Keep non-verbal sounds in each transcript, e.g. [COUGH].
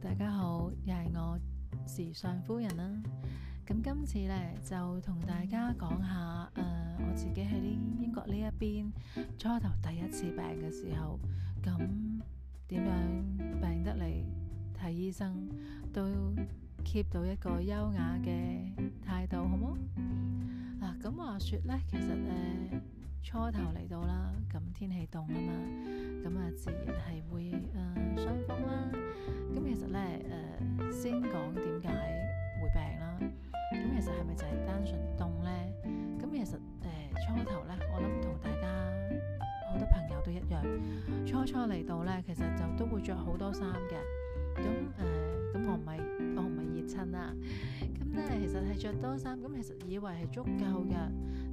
大家好，又係我時尚夫人啦。咁今次呢，就同大家講下，誒、呃，我自己喺英國呢一邊初頭第一次病嘅時候，咁點樣病得嚟睇醫生，都 keep 到一個優雅嘅態度，好冇？嗱，咁話說呢，其實誒。初頭嚟到啦，咁天氣凍啊嘛，咁啊自然係會誒傷、呃、風啦。咁其實咧誒、呃、先講點解會病啦。咁其實係咪就係單純凍咧？咁其實誒、呃、初頭咧，我諗同大家好多朋友都一樣，初初嚟到咧，其實就都會着好多衫嘅。咁誒，咁、呃、我唔係我唔係熱親啦。咁咧其實係着多衫，咁其實以為係足夠嘅，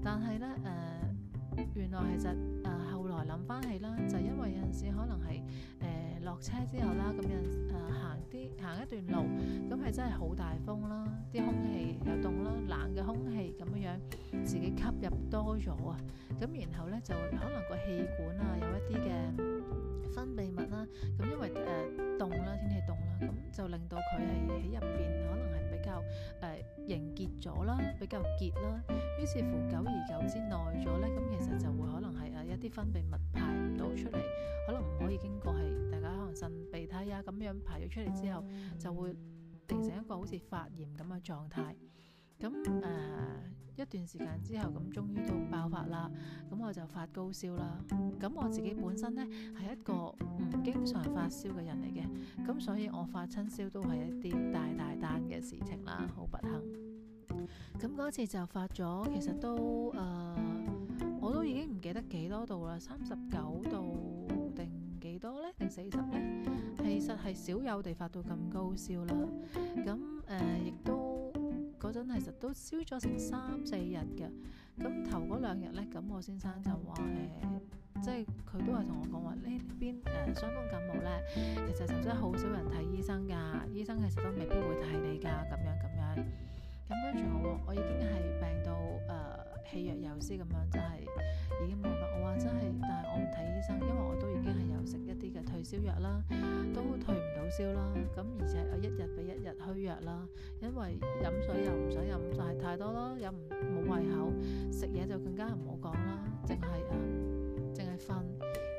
但係咧誒。呃原來其實誒後來諗翻起啦，就因為有陣時可能係誒落車之後啦，咁有陣時誒行啲行一段路，咁係真係好大風啦，啲空氣又凍啦，冷嘅空氣咁樣樣，自己吸入多咗啊，咁然後咧就可能個氣管啊有一啲嘅分泌物啦、啊，咁因為誒凍啦，天氣凍啦，咁就令到佢係喺入邊可能。誒，凝、呃、結咗啦，比較結啦，於是乎久而久之耐咗咧，咁其實就會可能係誒一啲分泌物排唔到出嚟，可能唔可以經過係大家可能腎、啊、鼻涕啊咁樣排咗出嚟之後，就會形成一個好似發炎咁嘅狀態。咁誒、呃，一段時間之後，咁終於都爆發啦。咁我就發高燒啦。咁我自己本身咧係一個唔經常發燒嘅人嚟嘅，咁所以我發親燒都係一啲大大單嘅事情啦，好不幸。咁嗰次就發咗，其實都誒、呃，我都已經唔記得幾多度啦，三十九度定幾多咧？定四十咧？其實係少有地發到咁高燒啦。咁誒，亦、呃、都。嗰陣其實都燒咗成三四日嘅，咁頭嗰兩日咧，咁我先生就話誒、欸，即係佢都係同我講話呢邊誒傷風感冒咧，其實就真係好少人睇醫生㗎，醫生其實都未必會睇你㗎，咁樣咁樣。咁跟住我，我已經係病到誒、呃、氣若游絲咁樣，就係已經冇乜。我話真係，但係我唔睇醫生，因為我都已經係有食一啲嘅退燒藥啦，都退唔。燒啦，咁、嗯嗯、而且我一日比一日虛弱啦，因為飲水又唔想飲，就係太多咯，又唔冇胃口，食嘢，就更加唔好講啦，淨係啊，淨係瞓，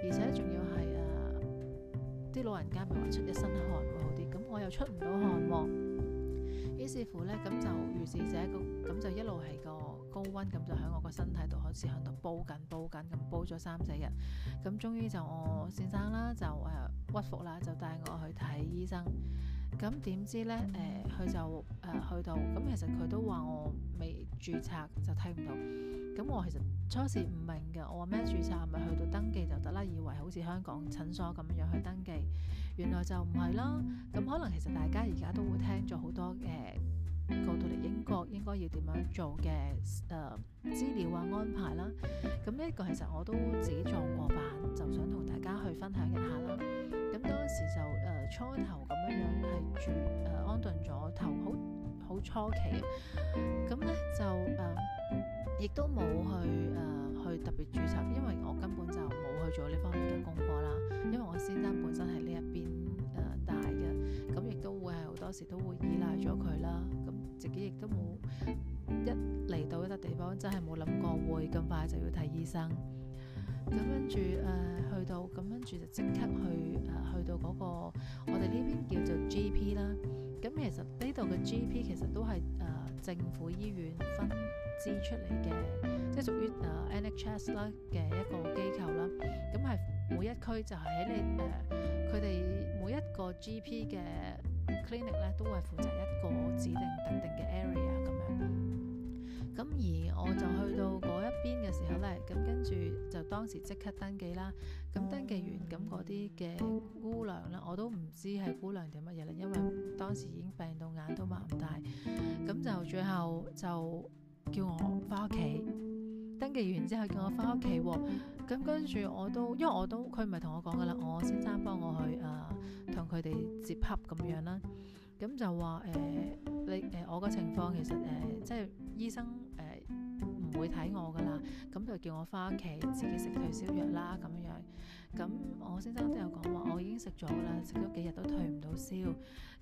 而且仲要係誒啲老人家咪話出一身汗會好啲，咁我又出唔到汗喎、啊，於是乎咧，咁就如是者，咁咁就一路係個高温咁就喺我個身體度開始喺度煲緊煲緊咁煲咗三四日，咁終於就我先生啦就誒、呃、屈服啦，就帶我去睇醫生。咁點知呢？誒、呃、佢就誒、呃、去到，咁其實佢都話我未注冊就睇唔到。咁我其實初時唔明嘅，我話咩注冊咪去到登記就得啦，以為好似香港診所咁樣去登記，原來就唔係啦。咁可能其實大家而家都會聽咗好多嘅。呃個應該要點樣做嘅誒、呃、資料啊安排啦。咁呢一個其實我都自己撞過板，就想同大家去分享一下啦。咁、嗯、當時就誒、呃、初頭咁樣樣係住誒安頓咗頭好好初期咁咧、嗯嗯、就誒、呃、亦都冇去誒、呃、去特別註冊，因為我根本就冇去做呢方面嘅功課啦。因為我先生本身喺呢一邊誒大嘅，咁、嗯、亦都會係好多時都會依賴咗佢啦。嗯自己亦都冇一嚟到一笪地方，真係冇諗過會咁快就要睇醫生。咁跟住誒去到，咁跟住就即刻去誒、呃、去到嗰、嗰個我哋呢邊叫做 GP 啦。咁其實呢度嘅 GP 其實都係誒、呃、政府醫院分支出嚟嘅，即係屬於誒、呃、NHS 啦嘅一個機構啦。咁係每一區就係喺你誒佢哋每一個 GP 嘅。clinic 咧，都係負責一個指定特定嘅 area 咁樣，咁而我就去到嗰一邊嘅時候咧，咁跟住就當時即刻登記啦，咁登記完，咁嗰啲嘅姑娘咧，我都唔知係姑娘定乜嘢啦，因為當時已經病到眼都擘唔大，咁就最後就叫我返屋企。登記完之後叫我翻屋企喎，咁、嗯、跟住我都，因為我都佢唔係同我講㗎喇，我先生幫我去誒同佢哋接洽咁樣啦，咁、嗯、就話誒、呃、你誒、呃、我個情況其實誒、呃、即係醫生誒。呃唔會睇我噶啦，咁就叫我翻屋企自己食退燒藥啦，咁 [NOISE] 樣樂。咁我先生都有講話，我已經食咗啦，食咗幾日都退唔到燒。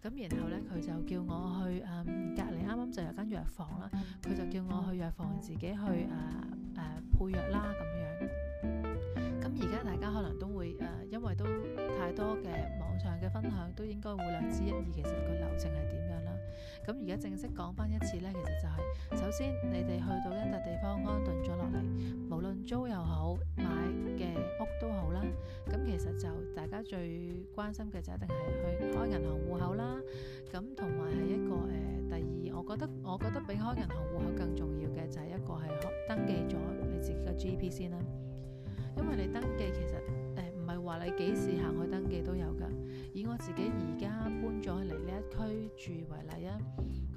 咁然後咧，佢就叫我去誒隔離啱啱就有間藥房啦，佢就叫我去藥房自己去誒誒配藥啦，咁樣。 [MUSIC] [MUSIC] [MUSIC] 而家大家可能都會誒，因為都太多嘅網上嘅分享，都應該會略知一二。其實個流程係點樣啦？咁而家正式講翻一次呢，其實就係首先你哋去到一笪地方安頓咗落嚟，無論租又好買嘅屋都好啦。咁其實就大家最關心嘅就一定係去開銀行戶口啦。咁同埋係一個誒，第二我覺得我覺得比開銀行戶口更重要嘅就係一個係登記咗你自己嘅 GP 先啦。因為你登記其實誒，唔係話你幾時行去登記都有㗎。以我自己而家搬咗嚟呢一區住為例啊，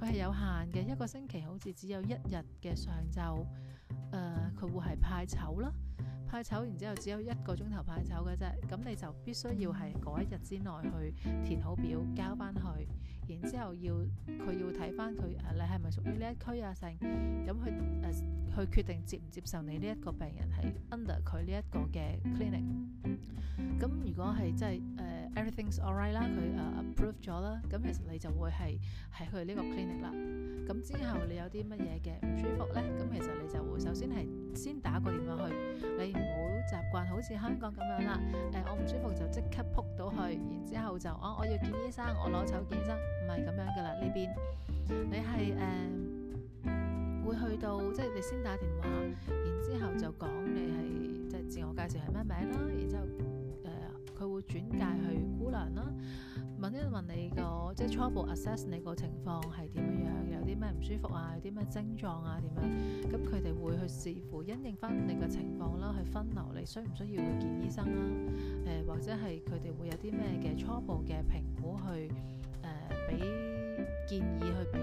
佢係有限嘅，一個星期好似只有一日嘅上晝，誒、呃、佢會係派籌啦，派籌然之後只有一個鐘頭派籌嘅啫，咁你就必須要係嗰一日之內去填好表交翻去。然之後要佢要睇返佢誒你係咪屬於呢一區，啊性，咁去、呃、決定接唔接受你呢一個病人係 under 佢呢一個嘅 clinic。咁、嗯、如果係即係、呃、誒 everything's all right 啦，佢誒 approve 咗啦，咁、嗯、其實你就會係係去呢個 clinic 啦。咁、嗯、之後你有啲乜嘢嘅唔舒服咧，咁、嗯、其實你就會首先係先打個電話去，你唔好習慣好似香港咁樣啦。誒、呃、我唔舒服就即刻撲到去，然之後就啊我要見醫生，我攞籌見醫生，唔係咁樣噶啦，呢邊你係誒、呃、會去到即係、就是、你先打電話，然之後就講你係即係自我介紹係咩名啦，然之後。初步 assess 你個情況係點樣，有啲咩唔舒服啊，有啲咩症狀啊，點樣？咁佢哋會去視乎因應翻你個情況啦，去分流你需唔需要去見醫生啦、啊？誒、呃，或者係佢哋會有啲咩嘅初步嘅評估去誒，俾、呃、建議去俾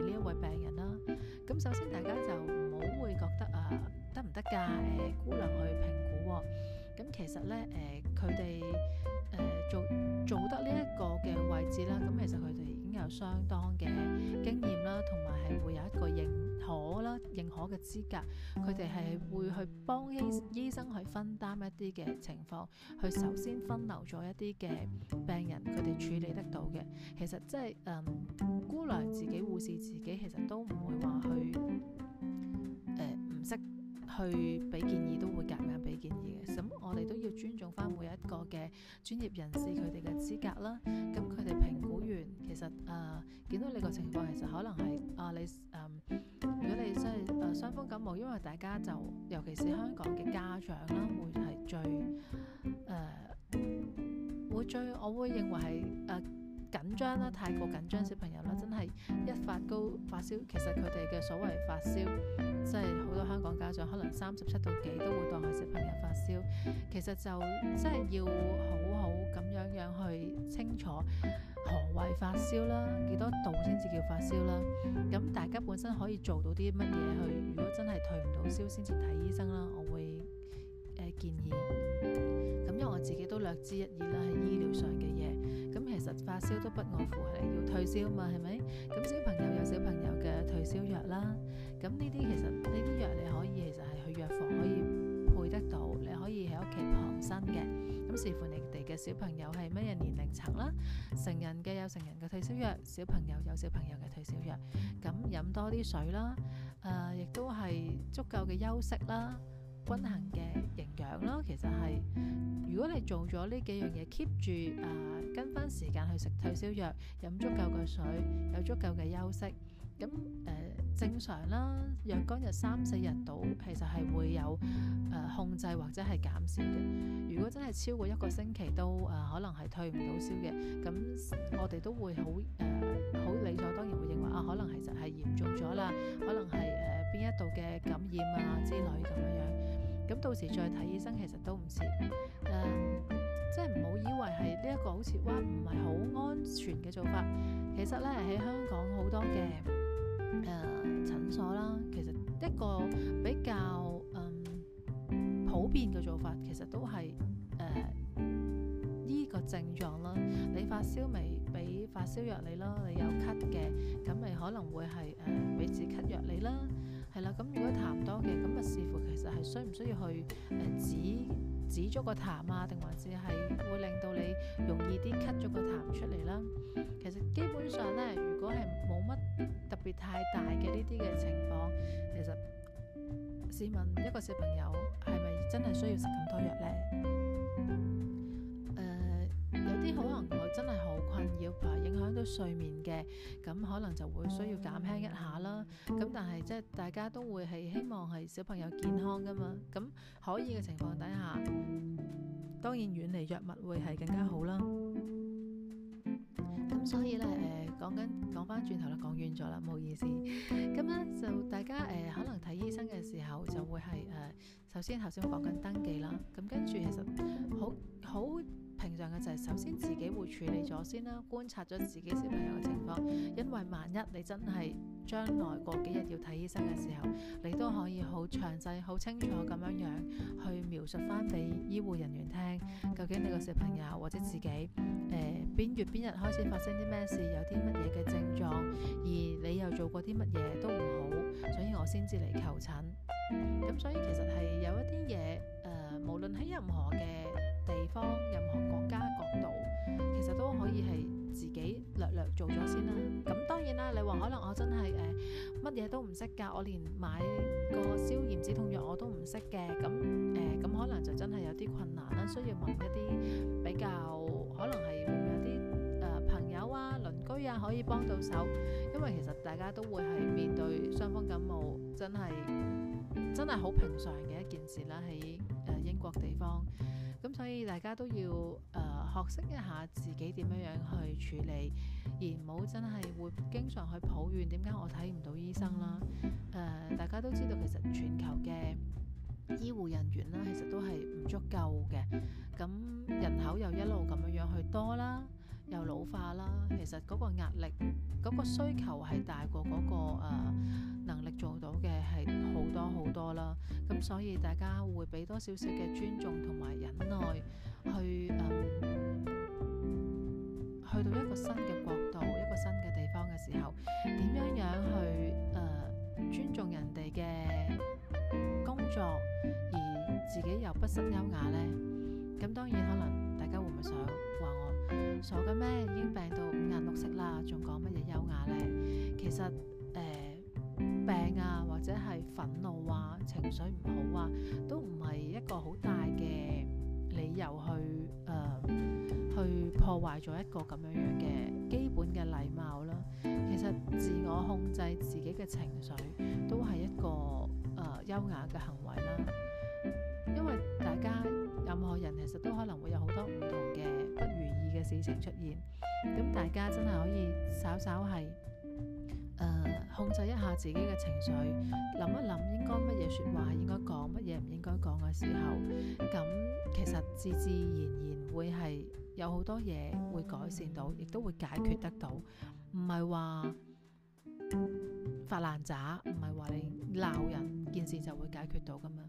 你呢一位病人啦、啊。咁首先大家就唔好會覺得啊，得唔得噶？誒、呃，姑娘去評估、啊。咁其實咧，誒佢哋誒做做得呢一個嘅位置啦，咁其實佢哋已經有相當嘅經驗啦，同埋係會有一個認可啦，認可嘅資格，佢哋係會去幫醫醫生去分擔一啲嘅情況，去首先分流咗一啲嘅病人，佢哋處理得到嘅。其實即係誒，姑、嗯、娘自己護士自己，其實都唔會話去。去俾建議都會夾硬俾建議嘅，咁我哋都要尊重返每一個嘅專業人士佢哋嘅資格啦。咁佢哋評估完其實誒、呃、見到你個情況，其實可能係啊、呃、你誒、呃，如果你真係誒傷風感冒，因為大家就尤其是香港嘅家長啦，會係最誒、呃、會最，我會認為係誒。呃緊張啦，太過緊張，小朋友啦，真係一發高發燒。其實佢哋嘅所謂發燒，即係好多香港家長可能三十七度幾都會當係小朋友發燒。其實就真係要好好咁樣樣去清楚何為發燒啦，幾多度先至叫發燒啦。咁大家本身可以做到啲乜嘢去？如果真係退唔到燒先至睇醫生啦，我會、呃、建議。咁因為我自己都略知一二啦，喺醫療上嘅。發燒都不外乎係要退燒嘛，係咪？咁小朋友有小朋友嘅退燒藥啦。咁呢啲其實呢啲藥你可以其實係去藥房可以配得到，你可以喺屋企旁身嘅。咁視乎你哋嘅小朋友係乜嘢年齡層啦，成人嘅有成人嘅退燒藥，小朋友有小朋友嘅退燒藥。咁飲多啲水啦，誒，亦都係足夠嘅休息啦。均衡嘅營養啦，其實係如果你做咗呢幾樣嘢，keep 住誒跟翻時間去食退燒藥，飲足夠嘅水，有足夠嘅休息，咁誒、呃、正常啦，若干日三四日到，其實係會有誒、呃、控制或者係減少嘅。如果真係超過一個星期都誒、呃，可能係退唔到燒嘅，咁我哋都會好誒好理所當然會認為啊，可能其實係嚴重咗啦，可能係誒邊一度嘅感染啊之類咁樣樣。咁到時再睇醫生，其實都唔遲。誒、呃，即係唔好以為係呢一個好似哇唔係好安全嘅做法。其實呢，喺香港好多嘅誒、呃、診所啦，其實一個比較誒、呃、普遍嘅做法，其實都係誒呢個症狀啦。你發燒咪俾發燒藥你咯，你有咳嘅咁咪可能會係誒俾止咳藥你啦。係啦，咁、嗯、如果痰多嘅，咁啊視乎其實係需唔需要去誒止止咗個痰啊，定還是係會令到你容易啲咳咗個痰出嚟啦。其實基本上咧，如果係冇乜特別太大嘅呢啲嘅情況，其實試問一個小朋友係咪真係需要食咁多藥咧？可能我真係好困擾，啊影響到睡眠嘅，咁可能就會需要減輕一下啦。咁但係即係大家都會係希望係小朋友健康㗎嘛，咁可以嘅情況底下，當然遠離藥物會係更加好啦。咁所以咧，誒講緊講翻轉頭啦，講遠咗啦，唔好意思。咁咧就大家誒可能睇醫生嘅時候就會係誒首先頭先講緊登記啦，咁跟住其實好好。平常嘅就係首先自己會處理咗先啦，啊，觀察咗自己小朋友嘅情況，因為萬一你真係將來過幾日要睇醫生嘅時候，你都可以好詳細、好清楚咁樣樣去描述翻俾醫護人員聽，究竟你個小朋友或者自己誒、呃、邊月邊日開始發生啲咩事，有啲乜嘢嘅症狀，而你又做過啲乜嘢都唔好，所以我先至嚟求診。咁所以其實係有一啲嘢。無論喺任何嘅地方、任何國家、國度，其實都可以係自己略略做咗先啦。咁當然啦，你話可能我真係誒乜嘢都唔識㗎，我連買個消炎止痛藥我都唔識嘅，咁誒咁可能就真係有啲困難啦，需要問一啲比較可能係會有啲誒朋友啊、鄰居啊可以幫到手，因為其實大家都會係面對傷風感冒，真係。真係好平常嘅一件事啦，喺誒英國地方，咁所以大家都要誒、呃、學識一下自己點樣樣去處理，而唔好真係會經常去抱怨點解我睇唔到醫生啦。誒、呃，大家都知道其實全球嘅醫護人員啦，其實都係唔足夠嘅，咁人口又一路咁樣樣去多啦。又老化啦，其實嗰個壓力、嗰、那個需求係大過嗰、那個誒、呃、能力做到嘅係好多好多啦。咁所以大家會俾多少少嘅尊重同埋忍耐去，去、呃、誒去到一個新嘅國度、一個新嘅地方嘅時候，點樣樣去誒、呃、尊重人哋嘅工作，而自己又不失優雅咧？咁當然可能大家會唔會想話我？傻嘅咩？已經病到五顏六色啦，仲講乜嘢優雅呢？其實誒、呃，病啊或者係憤怒啊，情緒唔好啊，都唔係一個好大嘅理由去誒、呃、去破壞咗一個咁樣樣嘅基本嘅禮貌啦。其實自我控制自己嘅情緒都係一個誒優、呃、雅嘅行為啦，因為。大家任何人其實都可能會有好多唔同嘅不如意嘅事情出現，咁大家真係可以稍稍係誒、呃、控制一下自己嘅情緒，諗一諗應該乜嘢説話係應該講，乜嘢唔應該講嘅時候，咁其實自自然然會係有好多嘢會改善到，亦都會解決得到，唔係話發爛渣，唔係話你鬧人，件事就會解決到噶嘛。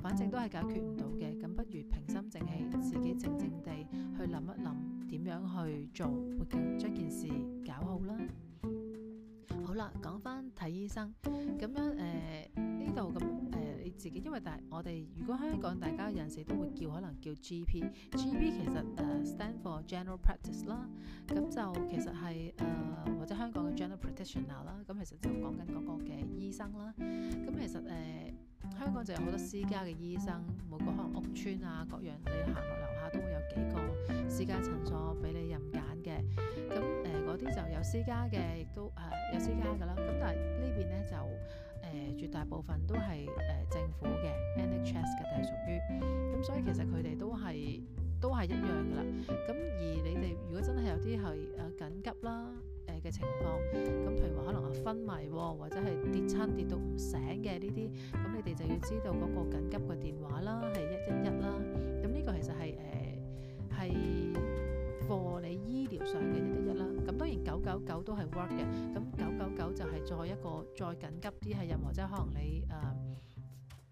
反正都係解決唔到嘅，咁不如平心靜氣，自己靜靜地去諗一諗，點樣去做，會將件事搞好啦。好啦，講翻睇醫生，咁樣誒呢度咁誒你自己，因為大我哋如果香港大家有陣時都會叫，可能叫 G P，G P、GP、其實誒、uh, stand for general practice 啦，咁就其實係誒、呃、或者香港嘅 general practitioner 啦，咁其實就講緊嗰個嘅醫生啦，咁其實誒。呃香港就有好多私家嘅醫生，每個可能屋邨啊，各樣你行落樓下都會有幾個私家診所俾你任揀嘅。咁誒嗰啲就有私家嘅，亦都誒、呃、有私家嘅啦。咁但係呢邊咧就誒、呃、絕大部分都係誒、呃、政府嘅，NHS 嘅係屬於。咁所以其實佢哋都係都係一樣噶啦。咁而你哋如果真係有啲係誒緊急啦嘅情況，咁譬如話可能啊昏迷，或者係跌親跌到唔醒嘅呢啲，咁你哋就要知道嗰個緊急嘅電話啦，係一一一啦。咁、這、呢個其實係誒係護理醫療上嘅一一一啦。咁當然九九九都係 work 嘅，咁九九九就係再一個再緊急啲，係任何即可能你誒。呃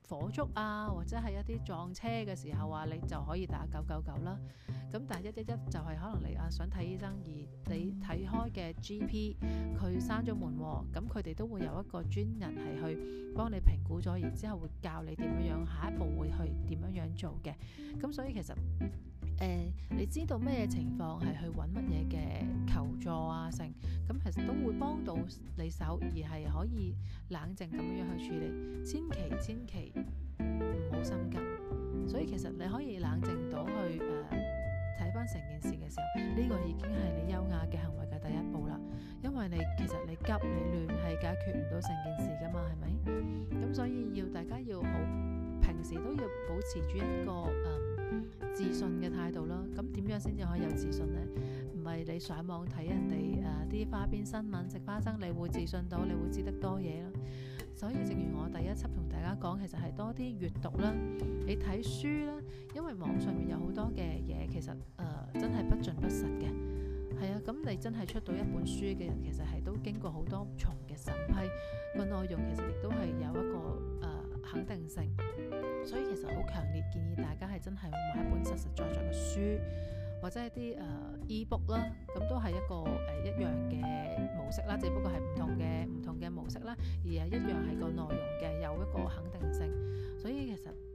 火燭啊，或者係一啲撞車嘅時候啊，你就可以打九九九啦。咁但係一一一就係可能你啊想睇醫生，而你睇開嘅 GP 佢閂咗門喎，咁佢哋都會有一個專人係去幫你評估咗，然之後會教你點樣樣，下一步會去點樣樣做嘅。咁所以其實。誒、呃，你知道咩情況係去揾乜嘢嘅求助啊？剩咁其實都會幫到你手，而係可以冷靜咁樣去處理。千祈千祈唔好心急，所以其實你可以冷靜到去睇翻成件事嘅時候，呢、這個已經係你優雅嘅行為嘅第一步啦。因為你其實你急你亂係解決唔到成件事㗎嘛，係咪？咁所以要大家要好，平時都要保持住一個誒。呃自信嘅態度咯，咁點樣先至可以有自信呢？唔係你上網睇人哋誒啲花邊新聞食花生，你會自信到你會知得多嘢咯。所以正如我第一輯同大家講，其實係多啲閱讀啦，你睇書啦，因為網上面有好多嘅嘢，其實誒、呃、真係不盡不實嘅。係啊，咁你真係出到一本書嘅人，其實係都經過好多重嘅審批，個內容其實亦都係有一個誒、呃、肯定性。所以其實好強烈建議大家係真係買一本實實在在嘅書，或者一啲誒、uh, ebook 啦，咁都係一個誒、呃、一樣嘅模式啦，只不過係唔同嘅唔同嘅模式啦，而係一樣係個內容嘅，有一個肯定性，所以其實。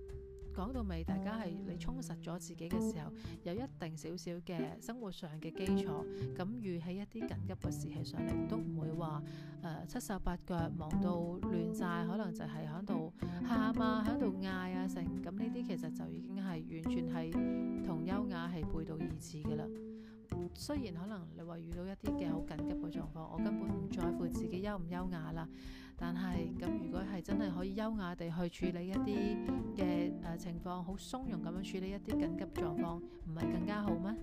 講到尾，大家係你充實咗自己嘅時候，有一定少少嘅生活上嘅基礎，咁遇起一啲緊急嘅事起上嚟，都唔會話誒、呃、七手八腳忙到亂晒，可能就係喺度喊啊，喺度嗌啊成，咁呢啲其實就已經係完全係同優雅係背道而馳嘅啦。雖然可能你話遇到一啲嘅好緊急嘅狀況，我根本唔在乎自己優唔優雅啦。但係咁，如果係真係可以優雅地去處理一啲嘅誒情況，好從容咁樣處理一啲緊急狀況，唔係更加好咩？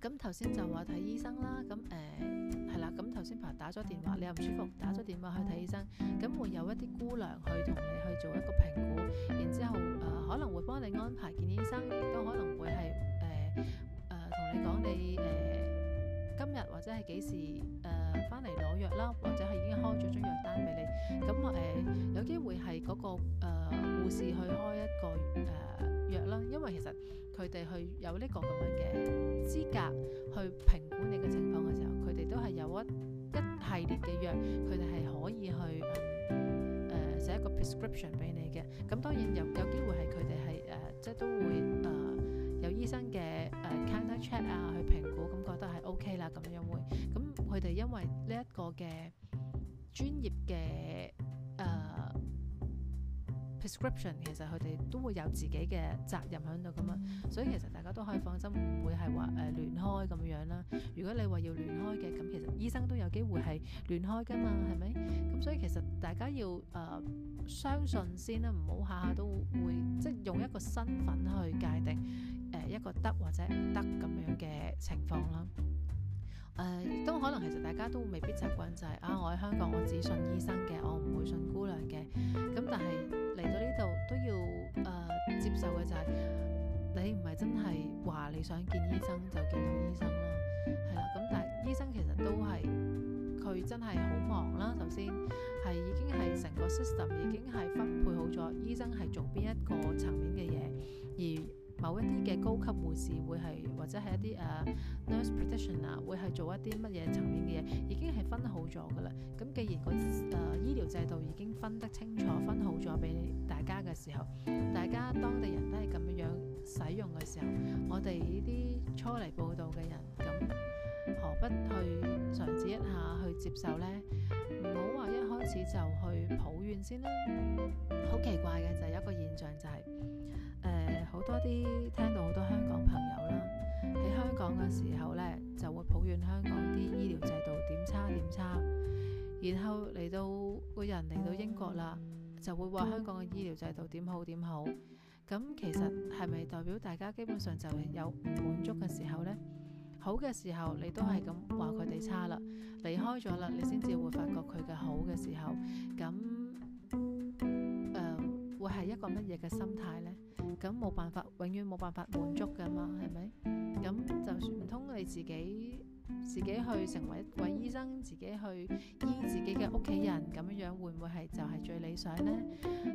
咁頭先就話睇醫生啦。咁誒係啦。咁頭先排打咗電話，你又唔舒服，打咗電話去睇醫生。咁會有一啲姑娘去同你去做一個評估，然之後誒、呃、可能會幫你安排見醫生，亦都可能會係。你講你誒、呃、今日或者係幾時誒返嚟攞藥啦，或者係已經開咗張藥單俾你，咁誒、呃、有機會係嗰、那個誒、呃、護士去開一個誒、呃、藥啦，因為其實佢哋去有呢個咁樣嘅資格去評估你嘅情況嘅時候，佢哋都係有一一系列嘅藥，佢哋係可以去誒、呃、寫一個 prescription 俾你嘅。咁當然有有機會係佢哋係誒即係都會誒。呃有醫生嘅誒 counter check 啊，去評估咁覺得係 OK 啦，咁樣會咁佢哋因為呢一個嘅專業嘅誒 prescription，其實佢哋都會有自己嘅責任喺度咁樣，所以其實大家都可以放心，唔會係話誒亂開咁樣啦。如果你話要亂開嘅，咁其實醫生都有機會係亂開噶嘛，係咪？咁所以其實大家要誒相信先啦，唔好下下都會即係用一個身份去界定。誒、呃、一個得或者唔得咁樣嘅情況啦。誒、呃、亦都可能其實大家都未必習慣就係、是、啊，我喺香港我只信醫生嘅，我唔會信姑娘嘅。咁、嗯、但係嚟到呢度都要誒、呃、接受嘅就係、是、你唔係真係話你想見醫生就見到醫生啦。係啦，咁、嗯、但係醫生其實都係佢真係好忙啦。首先係已經係成個 system 已經係分配好咗，醫生係做邊一個層面嘅嘢而。某一啲嘅高級護士會係或者係一啲誒、uh, nurse practitioner 啊，會係做一啲乜嘢層面嘅嘢，已經係分好咗噶啦。咁既然個誒、uh, 醫療制度已經分得清楚，分好咗俾大家嘅時候，大家當地人都係咁樣樣使用嘅時候，我哋呢啲初嚟報道嘅人，咁何不去嘗試一下去接受咧？唔好話開始就去抱怨先啦，好奇怪嘅就有、是、一個現象就係、是，誒、呃、好多啲聽到好多香港朋友啦喺香港嘅時候呢，就會抱怨香港啲醫療制度點差點差，然後嚟到個人嚟到英國啦就會話香港嘅醫療制度點好點好，咁其實係咪代表大家基本上就有唔滿足嘅時候呢？好嘅時候，你都係咁話佢哋差啦，離開咗啦，你先至會發覺佢嘅好嘅時候，咁誒、呃、會係一個乜嘢嘅心態呢？咁冇辦法，永遠冇辦法滿足㗎嘛，係咪？咁就算唔通你自己自己去成為一位醫生，自己去醫自己嘅屋企人，咁樣樣會唔會係就係最理想呢？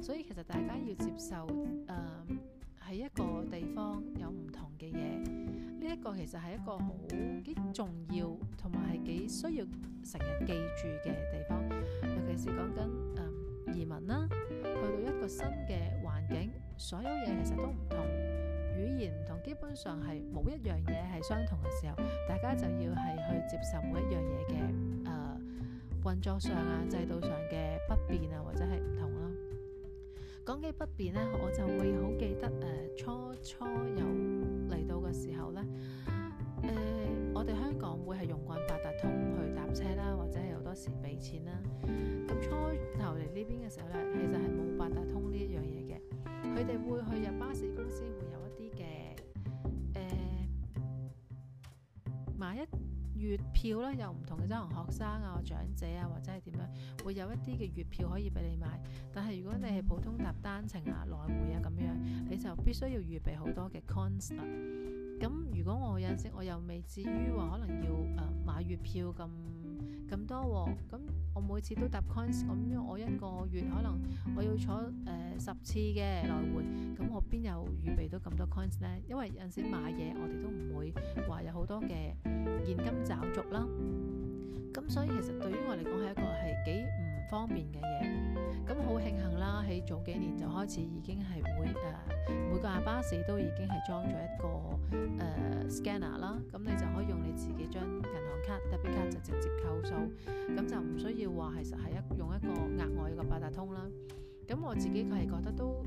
所以其實大家要接受喺、呃、一個地方有唔同嘅嘢。呢一個其實係一個好幾重要，同埋係幾需要成日記住嘅地方。尤其是講緊、嗯、移民啦，去到一個新嘅環境，所有嘢其實都唔同，語言唔同，基本上係冇一樣嘢係相同嘅時候，大家就要係去接受每一樣嘢嘅誒運作上啊、制度上嘅不便啊，或者係唔同啦。講起不便咧，我就會好記得誒、呃、初初有嚟嘅時候咧，誒、呃，我哋香港會係用慣八達通去搭車啦，或者係好多時俾錢啦。咁初頭嚟呢邊嘅時候咧，其實係冇八達通呢一樣嘢嘅，佢哋會去入巴士公司會有一啲嘅誒買一月票啦，有唔同嘅，即係學生啊、長者啊，或者係點樣，會有一啲嘅月票可以俾你買。但係如果你係普通搭單程啊、來回啊咁樣，你就必須要預備好多嘅 coins 啊。咁如果我有陣時我又未至於話可能要誒、呃、買月票咁咁多喎、啊，咁我每次都搭 coins 咁，我一個月可能我要坐誒、呃、十次嘅來回，咁我邊有預備到咁多 coins 呢？因為有時買嘢我哋都唔會話有好多嘅現金找足找續啦，咁所以其實對於我嚟講係一個係幾唔方便嘅嘢。咁好慶幸啦！喺早幾年就開始已經係會誒每個阿巴士都已經係裝咗一個誒 scanner、呃、啦。咁你就可以用你自己張銀行卡、debit 卡就直接扣數，咁就唔需要話係實係一用一個額外嘅八達通啦。咁我自己係覺得都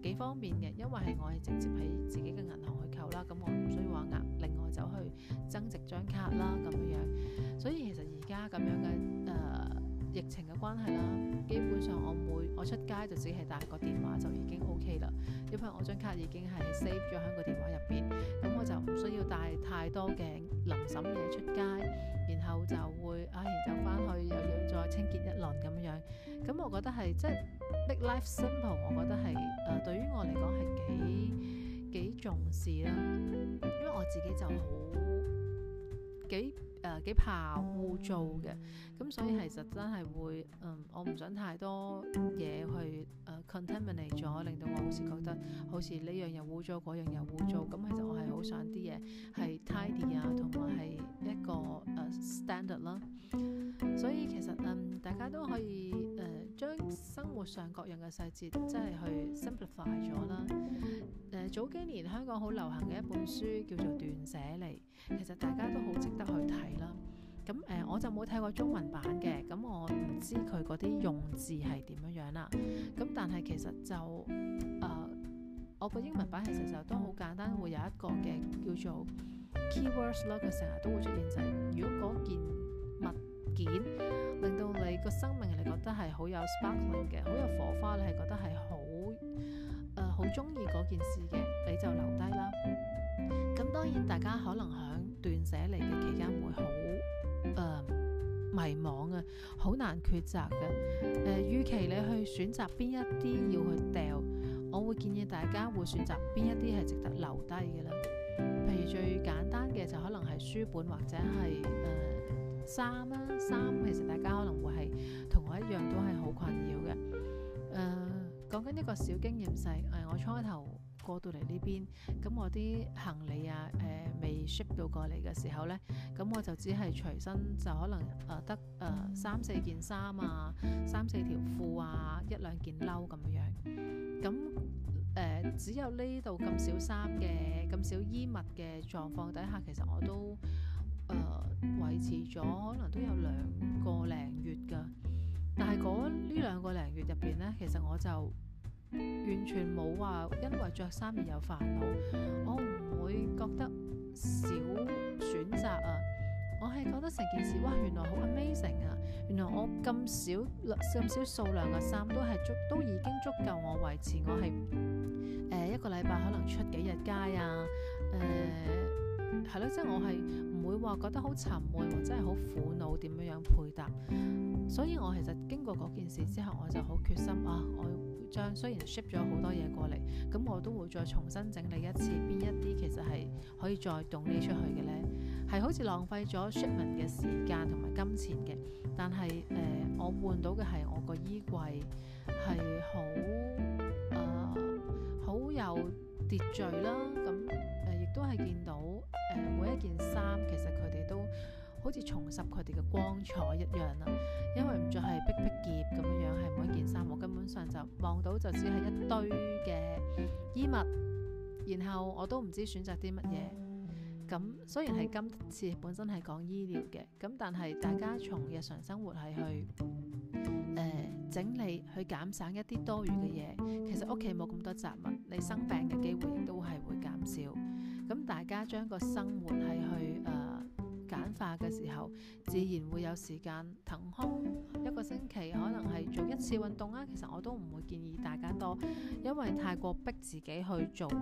誒幾、呃、方便嘅，因為係我係直接喺自己嘅銀行去扣啦。咁我唔需要話額另外走去增值張卡啦咁樣。所以其實而家咁樣嘅誒。呃疫情嘅關係啦，基本上我每我出街就只係帶個電話就已經 OK 啦。因為我張卡已經係 save 咗喺個電話入邊，咁我就唔需要帶太多嘅臨審嘢出街，然後就會唉然就返去又要再清潔一輪咁樣。咁我覺得係即係 make life simple，我覺得係誒、呃、對於我嚟講係幾幾重視啦，因為我自己就好幾。誒、呃、幾怕污糟嘅，咁所以其實真係會，嗯，我唔想太多嘢去誒、呃、contaminate 咗，令到我好似覺得好似呢樣又污糟，嗰樣又污糟，咁其實我係好想啲嘢係 tidy 啊，同埋係一個誒、呃、standard 啦，所以其實嗯、呃，大家都可以。生活上各樣嘅細節，即係去 simplify 咗啦。誒、呃、早幾年香港好流行嘅一本書叫做《斷捨離》，其實大家都好值得去睇啦。咁誒、呃、我就冇睇過中文版嘅，咁我唔知佢嗰啲用字係點樣樣啦。咁但係其實就誒、呃，我個英文版其實就都好簡單，會有一個嘅叫做 keywords 啦，佢成日都會出現，就係、是、如果嗰件物件令到你個生命，你覺得係好有 sparkling 嘅，好有火花，你係覺得係好誒，好中意嗰件事嘅，你就留低啦。咁當然大家可能響斷捨離嘅期間會好誒、呃、迷茫嘅，好難抉擇嘅。誒、呃，與其你去選擇邊一啲要去掉，我會建議大家會選擇邊一啲係值得留低嘅啦。譬如最簡單嘅就可能係書本或者係誒。呃衫啦，衫、啊、其實大家可能會係同我一樣都係好困擾嘅。誒、呃，講緊一個小經驗細誒、呃，我初頭過到嚟呢邊，咁我啲行李啊，誒未 ship 到過嚟嘅時候呢，咁我就只係隨身就可能誒、呃、得誒、呃、三四件衫啊，三四條褲啊，一兩件褸咁樣樣。咁誒、呃、只有呢度咁少衫嘅，咁 [MUSIC] 少衣物嘅狀況底下，其實我都，誒、呃、維持咗可能都有兩個零月㗎，但係嗰呢兩個零月入邊呢，其實我就完全冇話因為着衫而有煩惱，我唔會覺得少選擇啊！我係覺得成件事，哇，原來好 amazing 啊！原來我咁少咁少數量嘅衫都係足，都已經足夠我維持我係、呃、一個禮拜可能出幾日街啊，誒、呃。係咯、 [MUSIC] 嗯，即係我係唔會話覺得好沉悶，或者係好苦惱點樣樣配搭。所以，我其實經過嗰件事之後，我就好決心啊，我將雖然 ship 咗好多嘢過嚟，咁我都會再重新整理一次，邊一啲其實係可以再 donate 出去嘅呢？係好似浪費咗 shipment 嘅時間同埋金錢嘅，但係誒、呃，我換到嘅係我個衣櫃係好好有秩序啦咁。都係見到誒、呃，每一件衫其實佢哋都好似重拾佢哋嘅光彩一樣啦。因為唔再係逼逼夾咁樣樣，係每一件衫，我根本上就望到就只係一堆嘅衣物。然後我都唔知選擇啲乜嘢咁。雖然係今次本身係講醫療嘅，咁但係大家從日常生活係去誒、呃、整理去減省一啲多餘嘅嘢，其實屋企冇咁多雜物，你生病嘅機會亦都係會減少。咁大家將個生活係去誒、呃、簡化嘅時候，自然會有時間騰空一個星期次運動啊，其實我都唔會建議大家多，因為太過逼自己去做誒、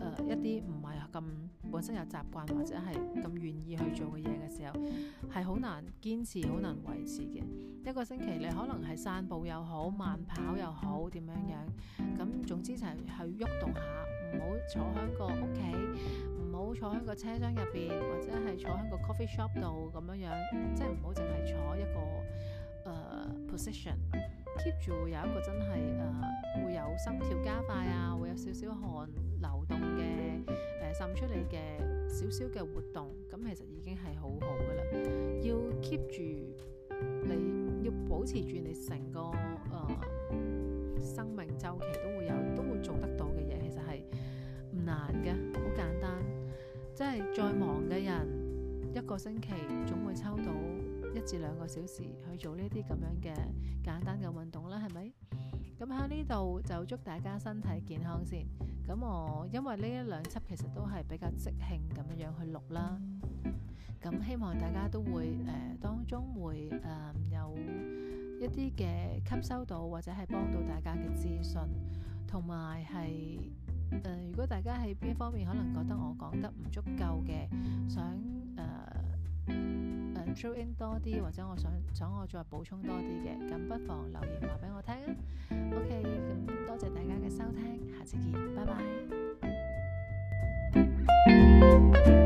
呃、一啲唔係咁本身有習慣或者係咁願意去做嘅嘢嘅時候，係好難堅持，好難維持嘅。一個星期你可能係散步又好，慢跑又好，點樣樣咁，總之就係去喐動動下，唔好坐喺個屋企，唔好坐喺個車廂入邊，或者係坐喺個 coffee shop 度咁樣樣，即係唔好淨係坐一個誒、呃、position。keep 住會有一個真係誒會有心跳加快啊，會有少少汗流動嘅誒滲出嚟嘅少少嘅活動，咁其實已經係好好嘅啦。要 keep 住，你要保持住你成個誒、呃、生命週期都會有都會做得到嘅嘢，其實係唔難嘅，好簡單。即係再忙嘅人，一個星期總會抽到，一至兩個小時去做呢啲咁樣嘅簡單嘅運動啦，係咪？咁喺呢度就祝大家身體健康先。咁我因為呢一兩輯其實都係比較即興咁樣去錄啦。咁希望大家都會誒當中會誒有一啲嘅吸收到，或者係幫到大家嘅資訊，同埋係誒。如果大家喺邊方面可能覺得我講得唔足夠嘅，想誒。show in 多啲，或者我想想我再補充多啲嘅，咁不妨留言話俾我聽啊。OK，多謝大家嘅收聽，下次見，拜拜。 [MUSIC]